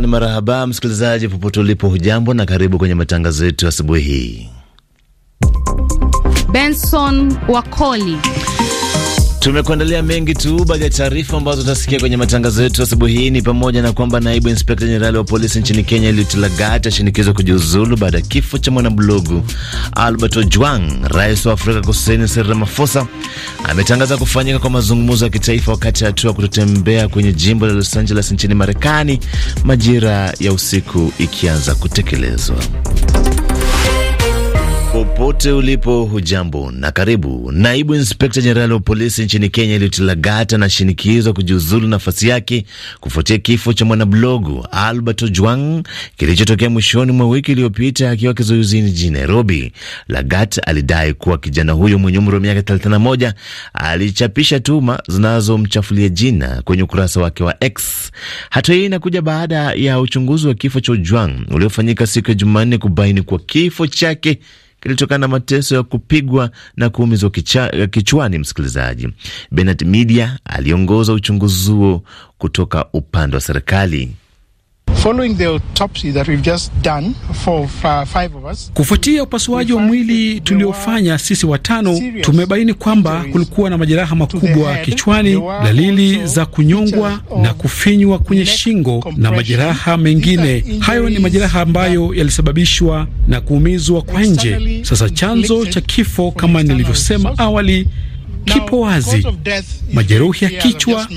ni marahaba msikilizaji popote ulipo, hujambo na karibu kwenye matangazo yetu asubuhi hii. Benson Wakoli Tumekuandalia mengi tu. Baadhi ya taarifa ambazo utasikia kwenye matangazo yetu asubuhi hii ni pamoja na kwamba naibu inspekta jenerali wa polisi nchini Kenya Eliud Lagat ashinikizwa kujiuzulu baada ya kifo cha mwanablogu Albert Ojwang. Rais wa Afrika Kusini Cyril Ramaphosa ametangaza kufanyika kwa mazungumzo ya kitaifa wakati ya hatua kutotembea kwenye jimbo la Los Angeles nchini Marekani majira ya usiku ikianza kutekelezwa. Popote ulipo hujambo na karibu. Naibu inspekta jenerali wa polisi nchini Kenya Eliud Lagat anashinikizwa kujiuzulu nafasi yake kufuatia kifo cha mwanablogu Albert Ojwang kilichotokea mwishoni mwa wiki iliyopita akiwa kizuizini jijini Nairobi. Lagat alidai kuwa kijana huyo mwenye umri wa miaka 31 alichapisha tuma zinazomchafulia jina kwenye ukurasa wake wa X. Hatua hii inakuja baada ya uchunguzi wa kifo cha Ojwang uliofanyika siku ya Jumanne kubaini kuwa kifo chake kilitokana na mateso ya kupigwa na kuumizwa kichwani. Msikilizaji, Bernard Media aliongoza uchunguzi huo kutoka upande wa serikali. Kufuatia upasuaji wa mwili tuliofanya sisi watano, tumebaini kwamba kulikuwa na majeraha makubwa kichwani, dalili za kunyongwa na kufinywa kwenye shingo na majeraha mengine. Hayo ni majeraha ambayo yalisababishwa na kuumizwa kwa nje. Sasa chanzo cha kifo, kama nilivyosema awali kipo wazi. Majeruhi ya kichwa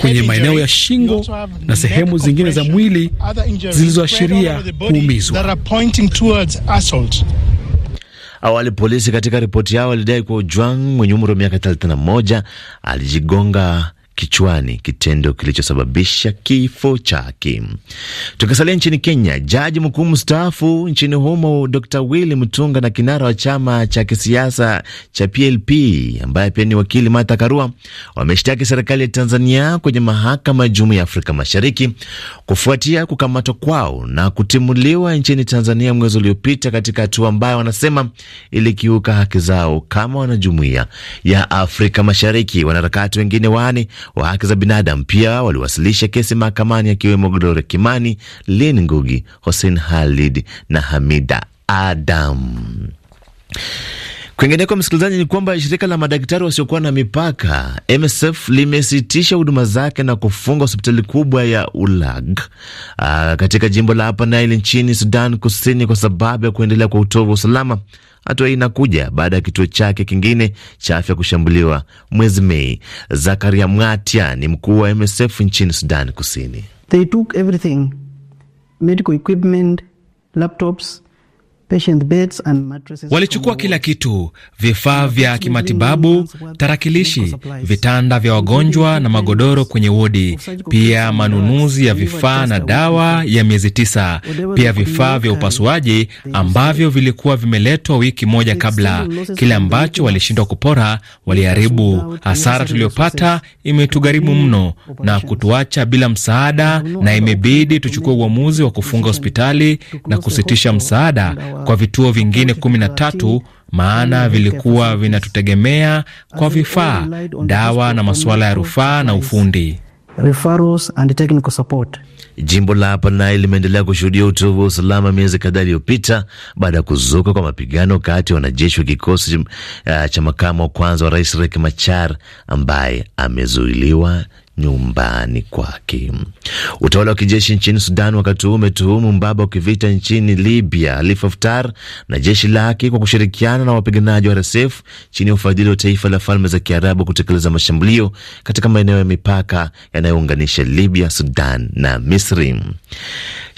kwenye maeneo ya shingo na sehemu zingine za mwili zilizoashiria kuumizwa. Awali polisi katika ripoti yao walidai kuwa Ojwang mwenye umri wa miaka 31 alijigonga kichwani, kitendo kilichosababisha kifo chake. Tukisalia nchini Kenya, jaji mkuu mstaafu nchini humo Dr Willy Mutunga na kinara wa chama cha kisiasa cha PLP ambaye pia ni wakili Martha Karua wameshtaki serikali ya Tanzania kwenye mahakama ya Jumuiya ya Afrika Mashariki kufuatia kukamatwa kwao na kutimuliwa nchini Tanzania mwezi uliopita, katika hatua ambayo wanasema ilikiuka haki zao kama wanajumuiya ya Afrika Mashariki. Wanaharakati wengine wane wa haki za binadamu pia waliwasilisha kesi mahakamani, akiwemo Gloria Kimani, Lin Ngugi, Hossein Khalid na Hamida Adam. Kwingineko msikilizaji, ni kwamba shirika la madaktari wasiokuwa na mipaka MSF limesitisha huduma zake na kufunga hospitali kubwa ya Ulag aa, ah, katika jimbo la Upper Nile nchini Sudan Kusini kwa sababu ya kuendelea kwa utovu wa usalama. Hatua hii inakuja baada ya kituo chake kingine cha afya kushambuliwa mwezi Mei. Zakaria Mwatia ni mkuu wa MSF nchini Sudan Kusini. They took everything. Medical equipment, laptops. Walichukua kila kitu: vifaa vya kimatibabu, tarakilishi, vitanda vya wagonjwa na magodoro kwenye wodi, pia manunuzi ya vifaa na dawa ya miezi tisa, pia vifaa vya upasuaji ambavyo vilikuwa vimeletwa wiki moja kabla. Kile ambacho walishindwa kupora waliharibu. Hasara tuliyopata imetugharimu mno na kutuacha bila msaada, na imebidi tuchukue uamuzi wa kufunga hospitali na kusitisha msaada kwa vituo vingine kumi na tatu maana vilikuwa vinatutegemea kwa vifaa, dawa na masuala ya rufaa na ufundi. Jimbo la Upper Nile limeendelea kushuhudia utovu wa usalama miezi kadhaa iliyopita baada ya kuzuka kwa mapigano kati ya wanajeshi wa kikosi uh, cha makamu wa kwanza wa rais Riek Machar ambaye amezuiliwa nyumbani kwake. Utawala wa kijeshi nchini Sudan wakati huu umetuhumu mbaba wa kivita nchini Libya Khalifa Haftar na jeshi lake kwa kushirikiana na wapiganaji wa RSF chini ya ufadhili wa taifa la Falme za Kiarabu kutekeleza mashambulio katika maeneo ya mipaka yanayounganisha Libya, Sudan na Misri.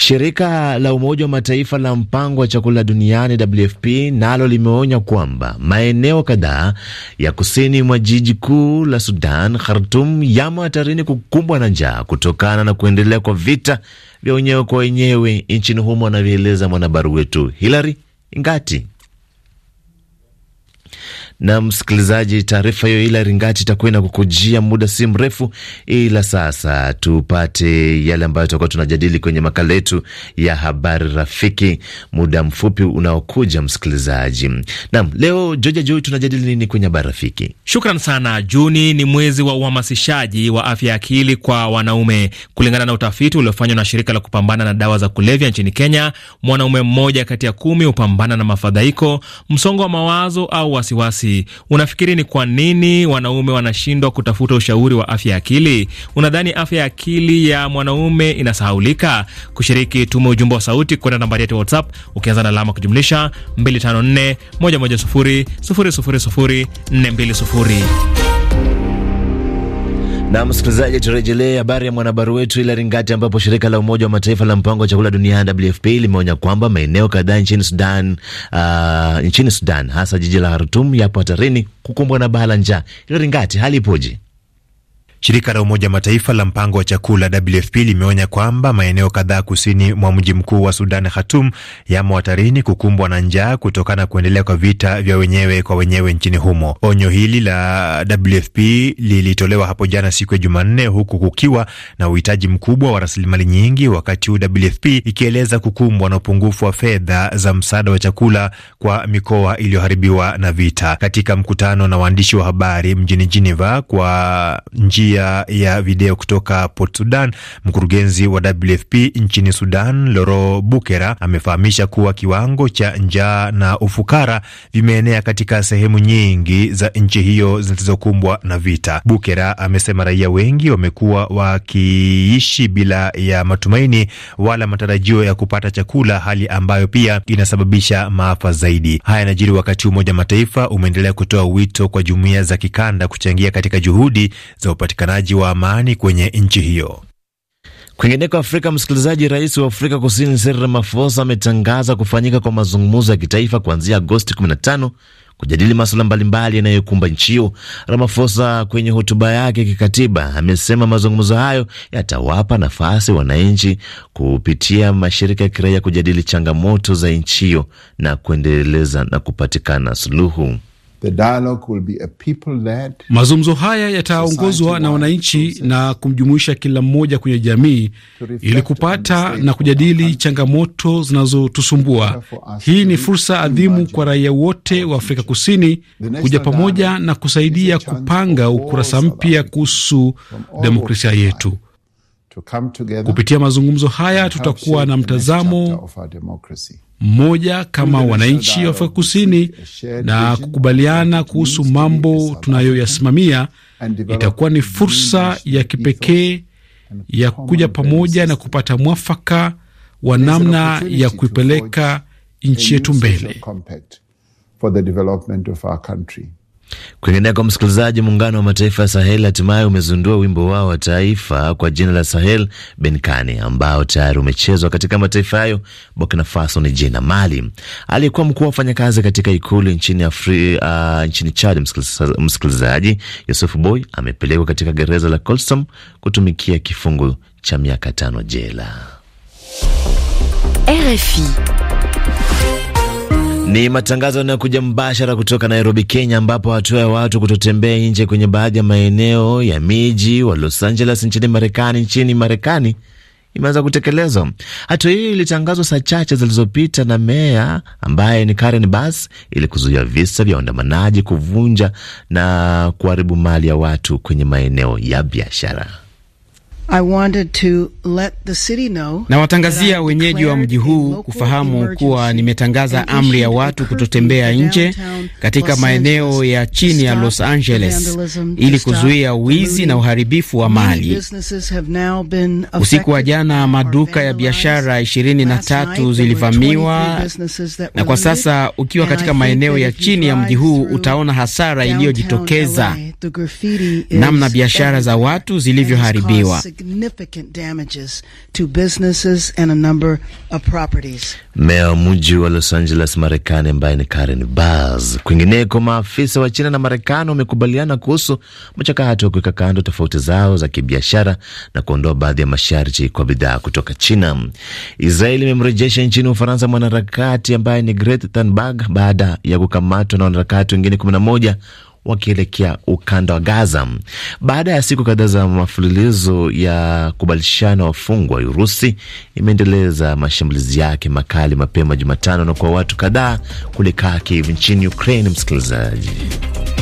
Shirika la Umoja wa Mataifa la mpango wa chakula duniani WFP nalo limeonya kwamba maeneo kadhaa ya kusini mwa jiji kuu la Sudan, Khartum, yamo hatarini kukumbwa na njaa kutokana na kuendelea kwa vita vya wenyewe kwa wenyewe nchini humo, anavyoeleza mwanahabari wetu Hilary Ngati. Na msikilizaji, taarifa hiyo ila ringati itakuwa inakukujia muda si mrefu, ila sasa tupate yale ambayo tutakuwa tunajadili kwenye makala yetu ya habari rafiki muda mfupi unaokuja, msikilizaji. Naam, leo Joja Joi, tunajadili nini kwenye habari rafiki? Shukran sana. Juni ni mwezi wa uhamasishaji wa afya ya akili kwa wanaume. Kulingana na utafiti uliofanywa na shirika la kupambana na dawa za kulevya nchini Kenya, mwanaume mmoja kati ya kumi hupambana na mafadhaiko, msongo wa mawazo au wasiwasi wazi. unafikiri ni kwa nini wanaume wanashindwa kutafuta ushauri wa afya ya akili? Unadhani afya ya akili ya mwanaume inasahaulika? Kushiriki, tume ujumbe wa sauti kwenda nambari yetu WhatsApp ukianza na alama kujumlisha 254 110 000 420. Na msikilizaji, turejelee habari ya mwanahabari wetu ila ringati ambapo shirika la Umoja wa Mataifa la mpango wa chakula duniani WFP limeonya kwamba maeneo kadhaa nchini Sudan, uh, nchini Sudan hasa jiji la Khartoum yapo hatarini kukumbwa na baa la njaa. Ila Ringati, hali ipoje? Shirika la Umoja Mataifa la mpango wa chakula WFP limeonya kwamba maeneo kadhaa kusini mwa mji mkuu wa Sudan, Khartoum, yamo hatarini kukumbwa na njaa kutokana na kuendelea kwa vita vya wenyewe kwa wenyewe nchini humo. Onyo hili la WFP lilitolewa hapo jana siku ya Jumanne, huku kukiwa na uhitaji mkubwa wa rasilimali nyingi, wakati huu WFP ikieleza kukumbwa na upungufu wa fedha za msaada wa chakula kwa mikoa iliyoharibiwa na vita. Katika mkutano na waandishi wa habari mjini Geneva kwa nji pia ya video kutoka Port Sudan. Mkurugenzi wa WFP nchini Sudan, Loro Bukera, amefahamisha kuwa kiwango cha njaa na ufukara vimeenea katika sehemu nyingi za nchi hiyo zilizokumbwa na vita. Bukera amesema raia wengi wamekuwa wakiishi bila ya matumaini wala matarajio ya kupata chakula, hali ambayo pia inasababisha maafa zaidi. Haya yanajiri wakati Umoja Mataifa umeendelea kutoa wito kwa jumuiya za kikanda kuchangia katika juhudi za upatikanaji upatikanaji wa amani kwenye nchi hiyo. Kwingineko Afrika, msikilizaji, rais wa Afrika Kusini Cyril Ramaphosa ametangaza kufanyika kwa mazungumzo ya kitaifa kuanzia Agosti 15 kujadili masuala mbalimbali yanayokumba nchi hiyo. ramafosa kwenye hotuba yake kikatiba amesema mazungumzo hayo yatawapa nafasi wananchi kupitia mashirika ya kiraia kujadili changamoto za nchi hiyo na kuendeleza na kupatikana suluhu. The dialogue will be a people-led. Mazungumzo haya yataongozwa na wananchi na kumjumuisha kila mmoja kwenye jamii ili kupata na kujadili changamoto zinazotusumbua. Hii ni fursa adhimu kwa raia wote wa Afrika Kusini kuja pamoja na kusaidia kupanga ukurasa mpya kuhusu demokrasia yetu. Kupitia mazungumzo haya tutakuwa na mtazamo mmoja kama wananchi wa Afrika Kusini na kukubaliana kuhusu mambo tunayoyasimamia, itakuwa ni fursa ya kipekee ya kuja pamoja na kupata mwafaka wa namna ya kuipeleka nchi yetu mbele. Kwingineko, msikilizaji, muungano wa mataifa ya Sahel hatimaye umezindua wimbo wao wa taifa kwa jina la Sahel Benkani, ambao tayari umechezwa katika mataifa hayo. Burkina Faso, Niger na Mali. Aliyekuwa mkuu wa wafanyakazi katika ikulu nchini, Afri, uh, nchini Chad, msikilizaji, Yusuf Boy amepelekwa katika gereza la Colstom kutumikia kifungo cha miaka tano jela. RFI ni matangazo yanayokuja mbashara kutoka Nairobi, Kenya, ambapo hatua ya watu kutotembea nje kwenye baadhi ya maeneo ya miji wa Los Angeles nchini Marekani nchini Marekani imeanza kutekelezwa. Hatua hiyo ilitangazwa saa chache zilizopita na meya ambaye ni Karen Bass ili kuzuia visa vya waandamanaji kuvunja na kuharibu mali ya watu kwenye maeneo ya biashara. Nawatangazia wenyeji wa mji huu kufahamu kuwa nimetangaza amri ya watu kutotembea nje katika maeneo ya chini ya Los Angeles ili kuzuia wizi na uharibifu wa mali. Usiku wa jana, maduka ya biashara 23 zilivamiwa, na kwa sasa ukiwa katika maeneo ya chini ya mji huu utaona hasara iliyojitokeza namna biashara za watu zilivyoharibiwa. Meya wa mji wa Los Angeles, Marekani, ambaye ni Karen Bass. Kwingineko, maafisa wa China na Marekani wamekubaliana kuhusu mchakato wa kuweka kando tofauti zao za kibiashara na kuondoa baadhi ya masharti kwa bidhaa kutoka China. Israeli imemrejesha nchini Ufaransa mwanaharakati ambaye ni Greta Thunberg baada ya kukamatwa na wanaharakati wengine 11 wakielekea ukanda wa Gaza. Baada ya siku kadhaa za mafululizo ya kubadilishana wafungwa, Urusi imeendeleza mashambulizi yake makali mapema Jumatano na kwa watu kadhaa kule Kharkiv nchini Ukraine. Msikilizaji